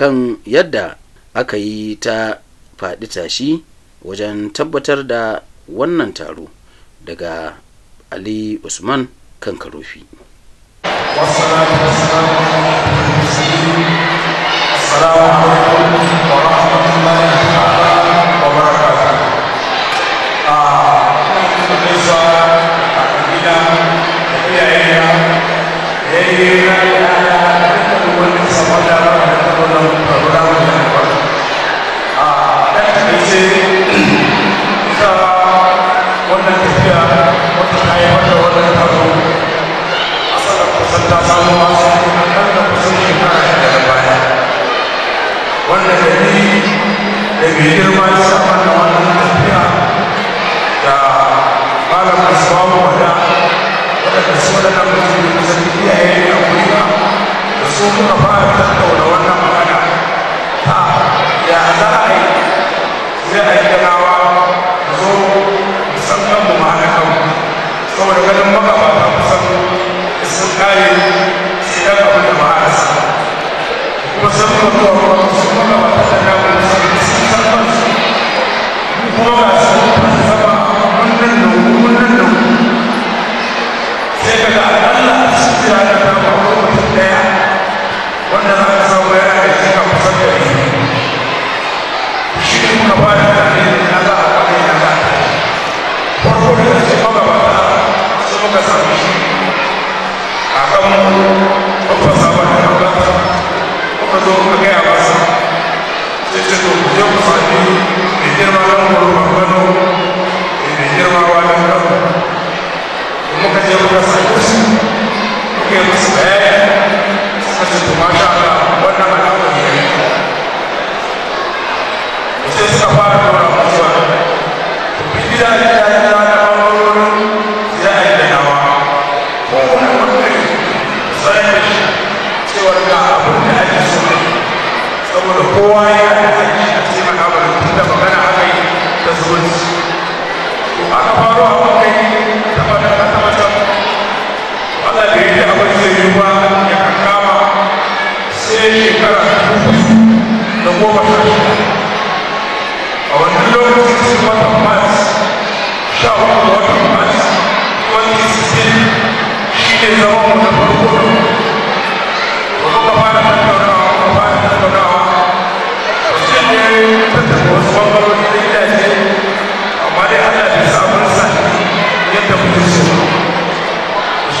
kan yadda aka yi ta faɗi tashi wajen tabbatar da wannan taro daga ali usman kan karofi Assalamu alaikum wa rahmatullahi suka fara tattauna wannan magana ta ya za a yi sai a yi ganawa zo musamman mu ma'ana kawo saboda ganin magabata kusan sun kare su ɗan abin da ma'ana kuma sun mutuwa kuma sun magabata da damar kasa a kan babban sabon da ya gata kuka zo kuka gaya masa sai ce to kuje ku sami uma girma don kwaro babbano mai girma wa don kwaro muka je muka sami su muka yi musu bayani suka ce to mata saboda kowa ya da haƙi a taimaka ma da magana aka yi ta zuwanci aka faru a kai ta fadar kasa masa Allah da yake abin zai yi ba ya kankama sai ta a su sha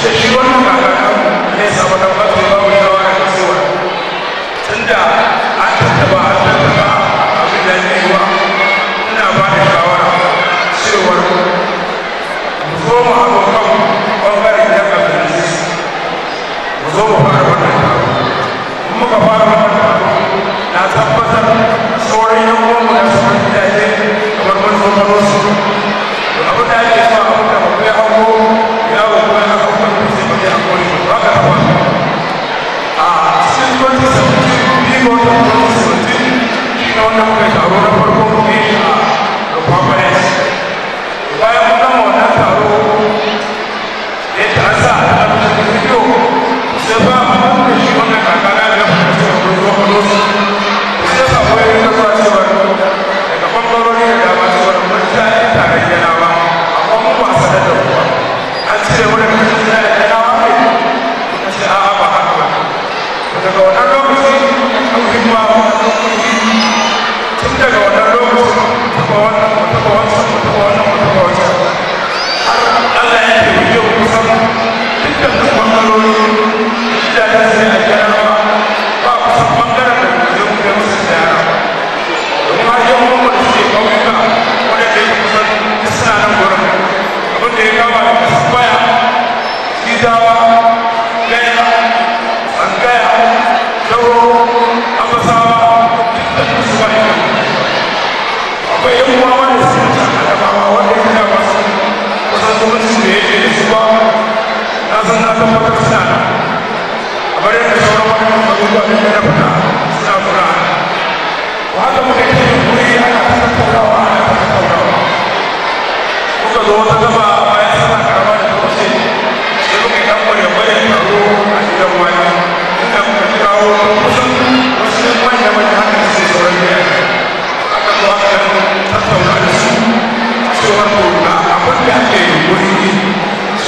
da shi wannan kakakan ne ba mu yawa a kasuwa tunda an tattaba an ina ba da shawara cewar mu zo mu ma ɓangaren fara wannan taro in na tabbatar sauran yan uwanmu gidaje kamar mun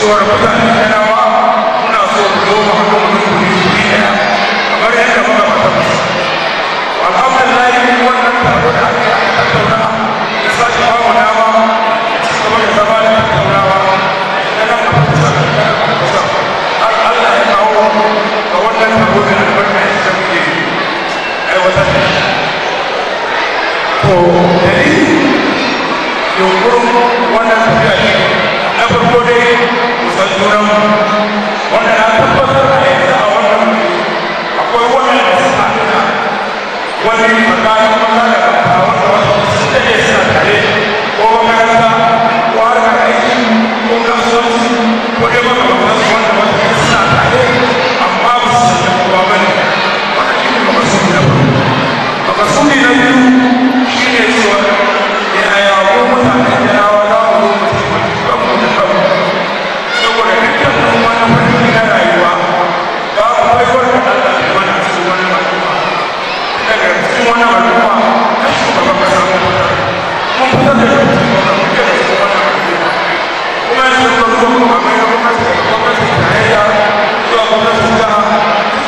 Suara putar di sana wah, mana suara rumah? Santurão.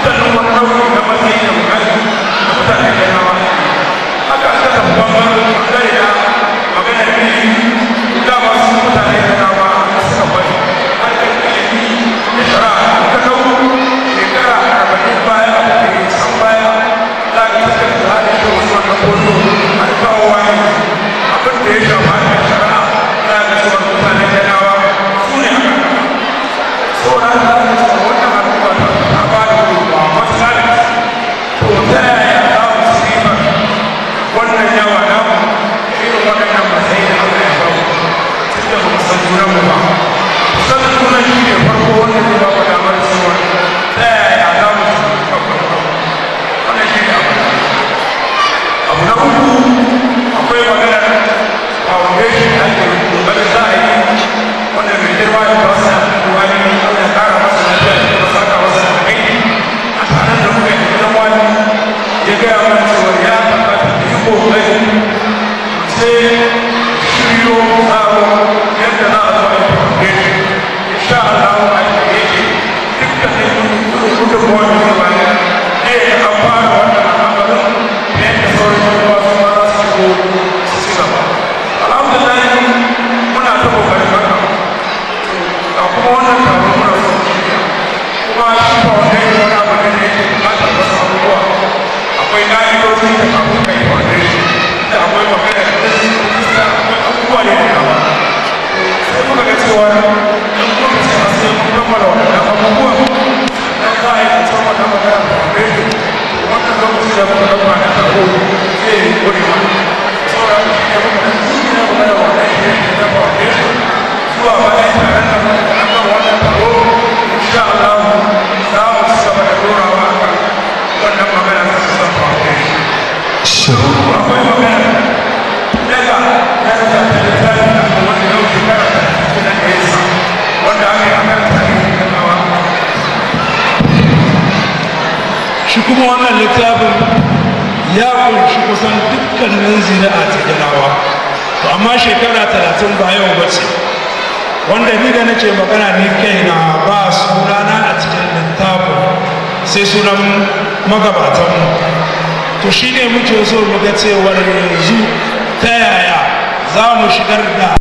That's auren mu ba san sunan shi ne farko wanda zai ba shi kuma wannan littafin ya kunshi kusan dukkanin zina'a ta ginawa to amma shekara talatin ba yau ba ce wanda ni da nake magana ni kaina ba sunana a cikin littafin sai sunan magabatanmu to shi ne muke so mu ga cewar yanzu ta yaya za mu shigar da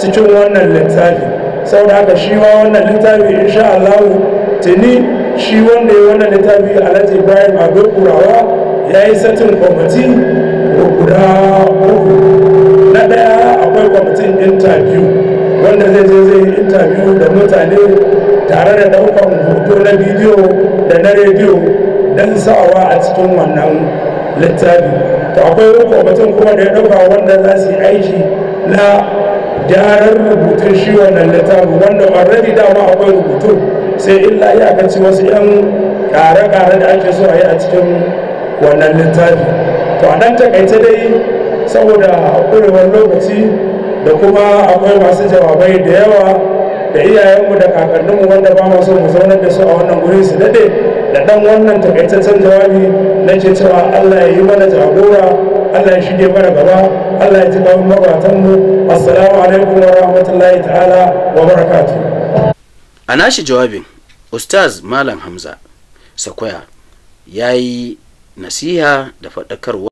cikin wannan littafi sau da haka shi ma wannan littafi insha Allah tuni shi wanda ya wannan littafi alhaji bayan abin kurawa ya yi satin kwamiti guda uku na daya akwai kwamitin intabiyu wanda zai je zai yi intabiyu da mutane tare da daukan hoto na bidiyo da na rediyo don sawa a cikin wannan littafi to akwai kwamitin kuma da ya ɗauka wanda za su yi aiki na gyaran rubutun shi wannan littafi wanda already dama akwai rubutu sai illa ya kaci wasu 'yan kare-kare da ake so a yi a cikin wannan littafi to a nan takaice dai saboda ƙurewar lokaci da kuma akwai masu jawabai da yawa da iyayenmu da kakanninmu wanda ba masu mu zaunar da su a wannan guri su daɗe da ɗan wannan takaitaccen jawabi na ke cewa allah ya yi mana jagora Allah ya shige mana gaba Allah ya ji kawun magabatanmu assalamu alaikum wa rahmatullahi ta'ala wa barakatuh a nashi jawabin ustaz malam hamza sakwaya ya yi nasiha da faɗakarwa